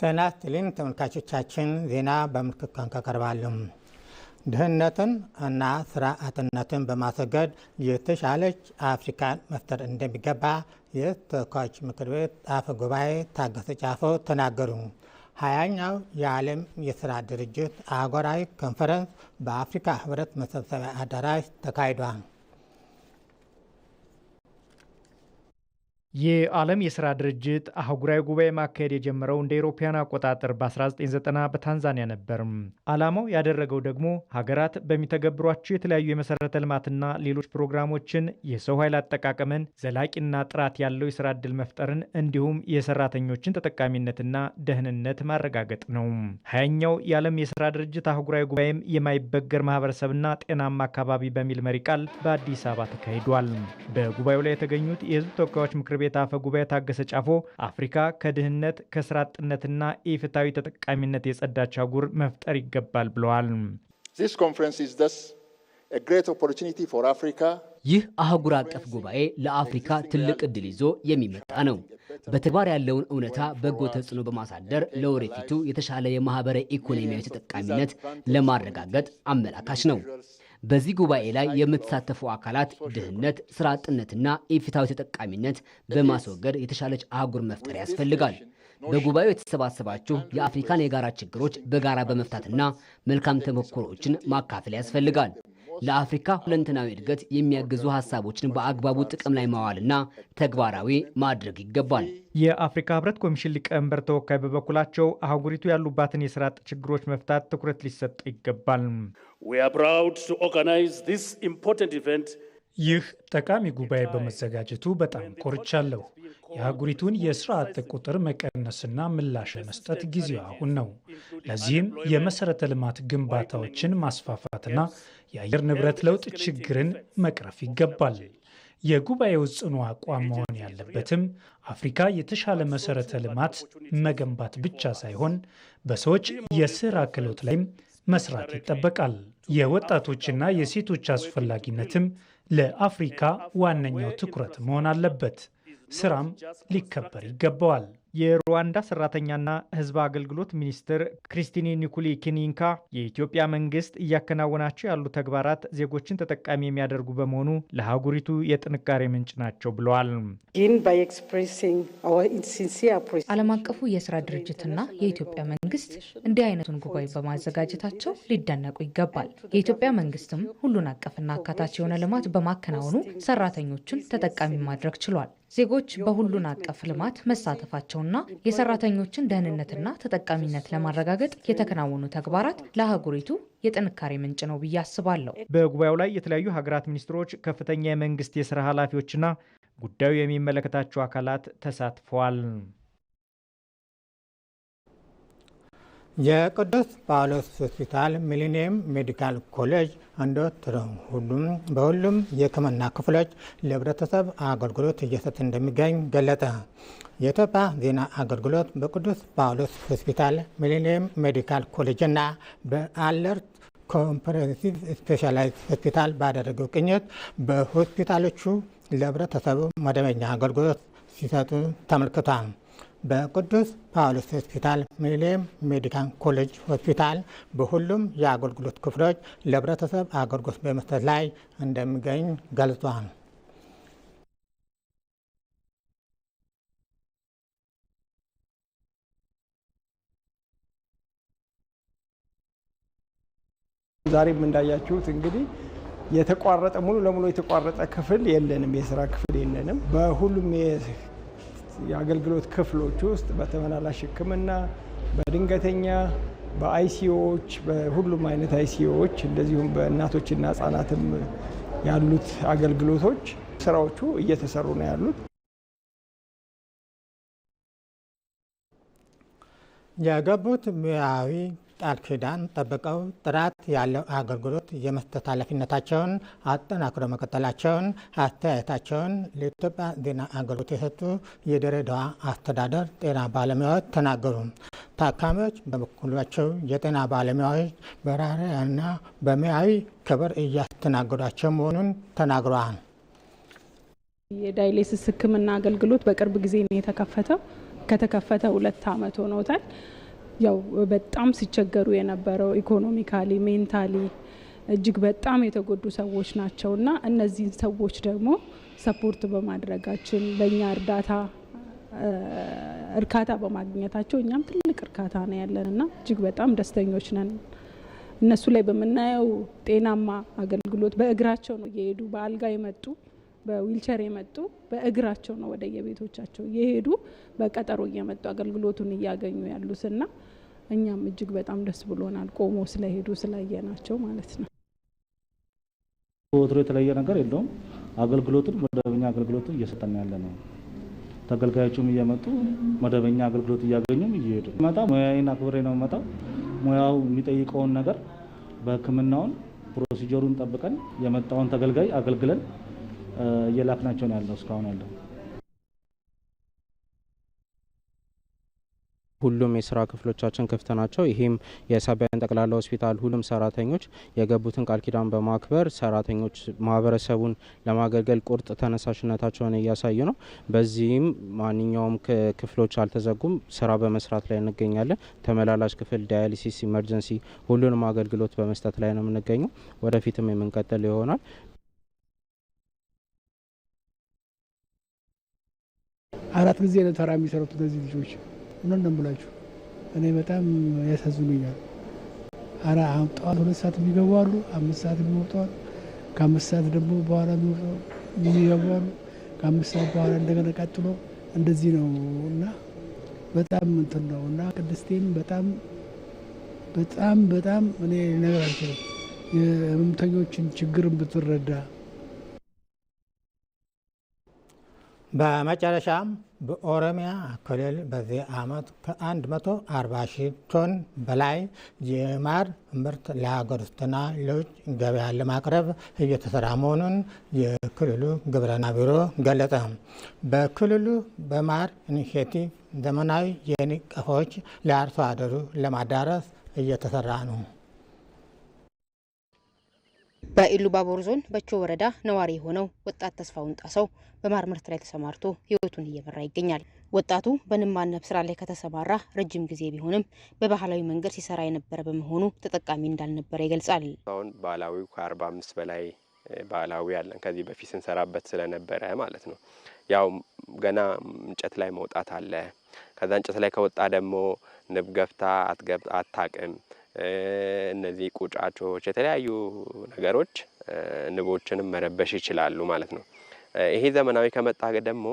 ጤና ይስጥልኝ ተመልካቾቻችን፣ ዜና በምልክት ቋንቋ ቀርባሉ። ድህነትን እና ስራ አጥነትን በማስወገድ የተሻለች አፍሪካን መፍጠር እንደሚገባ የተወካዮች ምክር ቤት አፈ ጉባኤ ታገሰ ጫፎ ተናገሩ። ሀያኛው የዓለም የስራ ድርጅት አህጉራዊ ኮንፈረንስ በአፍሪካ ህብረት መሰብሰቢያ አዳራሽ ተካሂዷል። የዓለም የስራ ድርጅት አህጉራዊ ጉባኤ ማካሄድ የጀመረው እንደ ኤሮፓያን አቆጣጠር በ1990 በታንዛኒያ ነበር። ዓላማው ያደረገው ደግሞ ሀገራት በሚተገብሯቸው የተለያዩ የመሰረተ ልማትና ሌሎች ፕሮግራሞችን የሰው ኃይል አጠቃቀምን፣ ዘላቂና ጥራት ያለው የስራ ዕድል መፍጠርን እንዲሁም የሰራተኞችን ተጠቃሚነትና ደህንነት ማረጋገጥ ነው። ሀያኛው የዓለም የስራ ድርጅት አህጉራዊ ጉባኤም የማይበገር ማህበረሰብና ጤናማ አካባቢ በሚል መሪ ቃል በአዲስ አበባ ተካሂዷል። በጉባኤው ላይ የተገኙት የህዝብ ተወካዮች ምክር ቤት ቤት አፈ ጉባኤ ታገሰ ጫፎ አፍሪካ ከድህነት ከስራ አጥነትና ተጠቃሚነት የጸዳች አህጉር መፍጠር ይገባል ብለዋል። ይህ አህጉር አቀፍ ጉባኤ ለአፍሪካ ትልቅ እድል ይዞ የሚመጣ ነው። በተግባር ያለውን እውነታ በጎ ተጽዕኖ በማሳደር ለወደፊቱ የተሻለ የማህበረ ኢኮኖሚያዊ ተጠቃሚነት ለማረጋገጥ አመላካች ነው። በዚህ ጉባኤ ላይ የምትሳተፉ አካላት ድህነት፣ ስራ አጥነትና ኢፍትሐዊ ተጠቃሚነት በማስወገድ የተሻለች አህጉር መፍጠር ያስፈልጋል። በጉባኤው የተሰባሰባችሁ የአፍሪካን የጋራ ችግሮች በጋራ በመፍታትና መልካም ተሞክሮዎችን ማካፈል ያስፈልጋል። ለአፍሪካ ሁለንተናዊ እድገት የሚያግዙ ሀሳቦችን በአግባቡ ጥቅም ላይ ማዋልና ተግባራዊ ማድረግ ይገባል። የአፍሪካ ህብረት ኮሚሽን ሊቀመንበር ተወካይ በበኩላቸው አህጉሪቱ ያሉባትን የስራ አጥ ችግሮች መፍታት ትኩረት ሊሰጥ ይገባል። ይህ ጠቃሚ ጉባኤ በመዘጋጀቱ በጣም ኮርቻለሁ። የአህጉሪቱን የስራ አጥ ቁጥር መቀነስና ምላሽ መስጠት ጊዜው አሁን ነው። ለዚህም የመሰረተ ልማት ግንባታዎችን ማስፋፋትና የአየር ንብረት ለውጥ ችግርን መቅረፍ ይገባል። የጉባኤው ጽኑ አቋም መሆን ያለበትም አፍሪካ የተሻለ መሰረተ ልማት መገንባት ብቻ ሳይሆን በሰዎች የስራ ክህሎት ላይም መስራት ይጠበቃል። የወጣቶችና የሴቶች አስፈላጊነትም ለአፍሪካ ዋነኛው ትኩረት መሆን አለበት። ስራም ሊከበር ይገባዋል። የሩዋንዳ ሰራተኛና ህዝብ አገልግሎት ሚኒስትር ክሪስቲኒ ኒኩሊ ኪኒንካ የኢትዮጵያ መንግስት እያከናወናቸው ያሉ ተግባራት ዜጎችን ተጠቃሚ የሚያደርጉ በመሆኑ ለሀጉሪቱ የጥንካሬ ምንጭ ናቸው ብለዋል። ዓለም አቀፉ የስራ ድርጅትና የኢትዮጵያ መንግስት እንዲህ አይነቱን ጉባኤ በማዘጋጀታቸው ሊደነቁ ይገባል። የኢትዮጵያ መንግስትም ሁሉን አቀፍና አካታች የሆነ ልማት በማከናወኑ ሰራተኞችን ተጠቃሚ ማድረግ ችሏል። ዜጎች በሁሉን አቀፍ ልማት መሳተፋቸው መሆናቸውና የሰራተኞችን ደህንነትና ተጠቃሚነት ለማረጋገጥ የተከናወኑ ተግባራት ለአህጉሪቱ የጥንካሬ ምንጭ ነው ብዬ አስባለሁ። በጉባኤው ላይ የተለያዩ ሀገራት ሚኒስትሮች፣ ከፍተኛ የመንግስት የስራ ኃላፊዎችና ጉዳዩ የሚመለከታቸው አካላት ተሳትፈዋል። የቅዱስ ጳውሎስ ሆስፒታል ሚሊኒየም ሜዲካል ኮሌጅ እንደ ሁሉም በሁሉም የሕክምና ክፍሎች ለህብረተሰብ አገልግሎት እየሰጥ እንደሚገኝ ገለጠ። የኢትዮጵያ ዜና አገልግሎት በቅዱስ ጳውሎስ ሆስፒታል ሚሊኒየም ሜዲካል ኮሌጅና በአለርት ኮምፕሬንሲቭ ስፔሻላይዝ ሆስፒታል ባደረገው ቅኝት በሆስፒታሎቹ ለህብረተሰቡ መደበኛ አገልግሎት ሲሰጡ ተመልክቷል። በቅዱስ ጳውሎስ ሆስፒታል፣ ሚሌኒየም ሜዲካል ኮሌጅ ሆስፒታል በሁሉም የአገልግሎት ክፍሎች ለህብረተሰብ አገልግሎት በመስጠት ላይ እንደሚገኝ ገልጿል። ዛሬም እንዳያችሁት እንግዲህ የተቋረጠ ሙሉ ለሙሉ የተቋረጠ ክፍል የለንም፣ የስራ ክፍል የለንም። በሁሉም የአገልግሎት ክፍሎች ውስጥ በተመላላሽ ሕክምና፣ በድንገተኛ፣ በአይሲዮዎች፣ በሁሉም አይነት አይሲዮዎች እንደዚሁም በእናቶችና ህጻናትም ያሉት አገልግሎቶች ስራዎቹ እየተሰሩ ነው ያሉት። የገቡት ሙያዊ ቃል ኪዳን ጠብቀው ጥራት ያለው አገልግሎት የመስጠት ኃላፊነታቸውን አጠናክረው መቀጠላቸውን አስተያየታቸውን ለኢትዮጵያ ዜና አገልግሎት የሰጡ የድሬዳዋ አስተዳደር ጤና ባለሙያዎች ተናገሩ። ታካሚዎች በበኩላቸው የጤና ባለሙያዎች በራሪያና በሙያዊ ክብር እያስተናገዷቸው መሆኑን ተናግረዋል። የዳይሌስስ ሕክምና አገልግሎት በቅርብ ጊዜ ነው የተከፈተው። ከተከፈተ ሁለት ዓመት ሆኖታል። ያው በጣም ሲቸገሩ የነበረው ኢኮኖሚካሊ፣ ሜንታሊ እጅግ በጣም የተጎዱ ሰዎች ናቸው እና እነዚህን ሰዎች ደግሞ ሰፖርት በማድረጋችን በእኛ እርዳታ እርካታ በማግኘታቸው እኛም ትልቅ እርካታ ነው ያለን እና እጅግ በጣም ደስተኞች ነን። እነሱ ላይ በምናየው ጤናማ አገልግሎት በእግራቸው ነው እየሄዱ በአልጋ የመጡ በዊልቸር የመጡ በእግራቸው ነው ወደ የቤቶቻቸው እየሄዱ በቀጠሮ እየመጡ አገልግሎቱን እያገኙ ያሉትና እኛም እጅግ በጣም ደስ ብሎናል፣ ቆሞ ስለሄዱ ስላየናቸው ማለት ነው። ወትሮ የተለየ ነገር የለውም። አገልግሎቱን መደበኛ አገልግሎቱን እየሰጠን ያለ ነው። ተገልጋዮቹም እየመጡ መደበኛ አገልግሎት እያገኙም እየሄዱ መጣ። ሙያዬን አክብሬ ነው መጣው። ሙያው የሚጠይቀውን ነገር በሕክምናውን ፕሮሲጀሩን ጠብቀን የመጣውን ተገልጋይ አገልግለን እየላክናቸው ነው ያለው እስካሁን ያለው ሁሉም የስራ ክፍሎቻችን ክፍት ናቸው። ይህም የሰበያን ጠቅላላ ሆስፒታል ሁሉም ሰራተኞች የገቡትን ቃል ኪዳን በማክበር ሰራተኞች ማህበረሰቡን ለማገልገል ቁርጥ ተነሳሽነታቸውን እያሳዩ ነው። በዚህም ማንኛውም ክፍሎች አልተዘጉም፣ ስራ በመስራት ላይ እንገኛለን። ተመላላሽ ክፍል፣ ዳያሊሲስ፣ ኢመርጀንሲ ሁሉንም አገልግሎት በመስጠት ላይ ነው የምንገኘው። ወደፊትም የምንቀጥል ይሆናል። አራት ጊዜ ነው ተራ የሚሰሩት እነዚህ ልጆች እውነት ነው ብላችሁ እኔ በጣም ያሳዝኑኛል። አራ ጠዋት ሁለት ሰዓት የሚገቡ አሉ፣ አምስት ሰዓት የሚወጡ አሉ፣ ከአምስት ሰዓት ደግሞ በኋላ የሚገቡ አሉ፣ ከአምስት ሰዓት በኋላ እንደገና ቀጥሎ እንደዚህ ነው እና በጣም እንትን ነው እና ቅድስቴም በጣም በጣም በጣም እኔ ነገር አልችልም የህመምተኞችን ችግርን ብትረዳ በመጨረሻም በኦሮሚያ ክልል በዚህ ዓመት መቶ አርባ ሺህ ቶን በላይ የማር ምርት ለሀገር ውስጥና ለውጭ ገበያ ለማቅረብ እየተሰራ መሆኑን የክልሉ ግብርና ቢሮ ገለጸ። በክልሉ በማር ኢኒሼቲቭ ዘመናዊ የንብ ለአርሶ አደሩ ለማዳረስ እየተሰራ ነው። በኢሉ ባቦር ዞን በቾ ወረዳ ነዋሪ የሆነው ወጣት ተስፋውን ጣሰው በማር ምርት ላይ ተሰማርቶ ህይወቱን እየመራ ይገኛል። ወጣቱ በንብ ማነብ ስራ ላይ ከተሰማራ ረጅም ጊዜ ቢሆንም በባህላዊ መንገድ ሲሰራ የነበረ በመሆኑ ተጠቃሚ እንዳልነበረ ይገልጻል። አሁን ባህላዊ ከአርባ አምስት በላይ ባህላዊ ያለን ከዚህ በፊት ስንሰራበት ስለነበረ ማለት ነው። ያው ገና እንጨት ላይ መውጣት አለ። ከዛ እንጨት ላይ ከወጣ ደግሞ ንብ ገብታ አታቅም እነዚህ ቁጫቾች፣ የተለያዩ ነገሮች ንቦችንም መረበሽ ይችላሉ ማለት ነው። ይሄ ዘመናዊ ከመጣ ደግሞ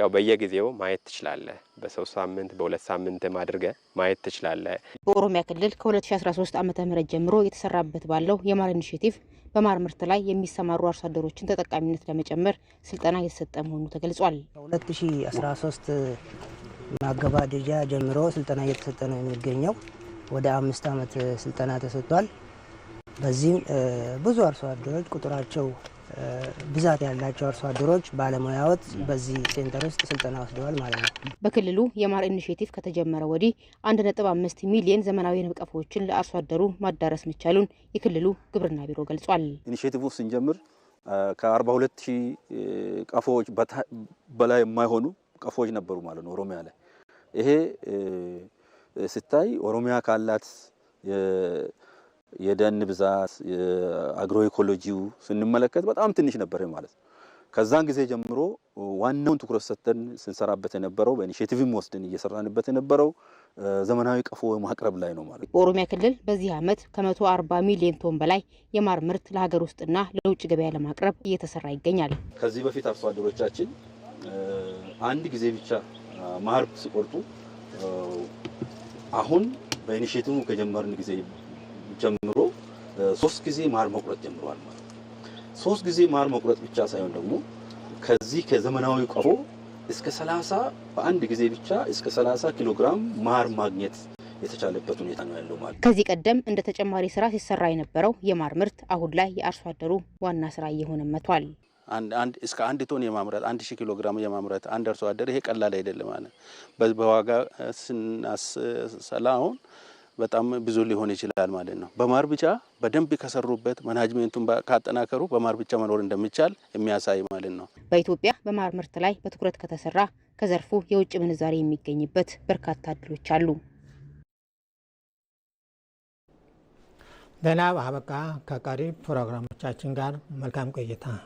ያው በየጊዜው ማየት ትችላለ በሶስት ሳምንት በሁለት ሳምንት አድርገ ማየት ትችላለህ። በኦሮሚያ ክልል ከ2013 ዓ ም ጀምሮ የተሰራበት ባለው የማር ኢኒሽቲቭ በማር ምርት ላይ የሚሰማሩ አርሶ አደሮችን ተጠቃሚነት ለመጨመር ስልጠና እየተሰጠ መሆኑ ተገልጿል። ከ2013 ማገባደጃ ጀምሮ ስልጠና እየተሰጠ ነው የሚገኘው ወደ አምስት ዓመት ስልጠና ተሰጥቷል። በዚህም ብዙ አርሶ አደሮች ቁጥራቸው ብዛት ያላቸው አርሶ አደሮች ባለሙያዎች በዚህ ሴንተር ውስጥ ስልጠና ወስደዋል ማለት ነው። በክልሉ የማር ኢኒሽቲቭ ከተጀመረ ወዲህ አንድ ነጥብ አምስት ሚሊየን ዘመናዊ ንብ ቀፎዎችን ለአርሶ አደሩ ማዳረስ መቻሉን የክልሉ ግብርና ቢሮ ገልጿል። ኢኒሽቲቭ ስንጀምር ከአርባ ሁለት ሺህ ቀፎዎች በላይ የማይሆኑ ቀፎዎች ነበሩ ማለት ነው ኦሮሚያ ላይ ይሄ ስታይ ኦሮሚያ ካላት የደን ብዛት አግሮ ኢኮሎጂው ስንመለከት በጣም ትንሽ ነበር ማለት ነው። ከዛን ጊዜ ጀምሮ ዋናውን ትኩረት ሰጥተን ስንሰራበት የነበረው በኢኒሽቲቭም ወስደን እየሰራንበት የነበረው ዘመናዊ ቀፎ ማቅረብ ላይ ነው ማለት ኦሮሚያ ክልል በዚህ ዓመት ከ140 ሚሊዮን ቶን በላይ የማር ምርት ለሀገር ውስጥና ለውጭ ገበያ ለማቅረብ እየተሰራ ይገኛል። ከዚህ በፊት አርሶ አደሮቻችን አንድ ጊዜ ብቻ ማር ሲቆርጡ አሁን በኢኒሼቲቭ ከጀመርን ጊዜ ጀምሮ ሶስት ጊዜ ማር መቁረጥ ጀምሯል ማለት ነው። ሶስት ጊዜ ማር መቁረጥ ብቻ ሳይሆን ደግሞ ከዚህ ከዘመናዊ ቀፎ እስከ 30 በአንድ ጊዜ ብቻ እስከ 30 ኪሎ ግራም ማር ማግኘት የተቻለበት ሁኔታ ነው ያለው ማለት ነው። ከዚህ ቀደም እንደ ተጨማሪ ስራ ሲሰራ የነበረው የማር ምርት አሁን ላይ የአርሶ አደሩ ዋና ስራ እየሆነ መጥቷል። እስከ አንድ ቶን የማምረት አንድ ሺህ ኪሎ ግራም የማምረት አንድ አርሶ አደር ይሄ ቀላል አይደለም። ማለት በዋጋ ስናሰላ አሁን በጣም ብዙ ሊሆን ይችላል ማለት ነው። በማር ብቻ በደንብ ከሰሩበት ማናጅሜንቱን ካጠናከሩ በማር ብቻ መኖር እንደሚቻል የሚያሳይ ማለት ነው። በኢትዮጵያ በማር ምርት ላይ በትኩረት ከተሰራ ከዘርፉ የውጭ ምንዛሬ የሚገኝበት በርካታ እድሎች አሉ። ዜና አበቃ። ከቀሪ ፕሮግራሞቻችን ጋር መልካም ቆይታ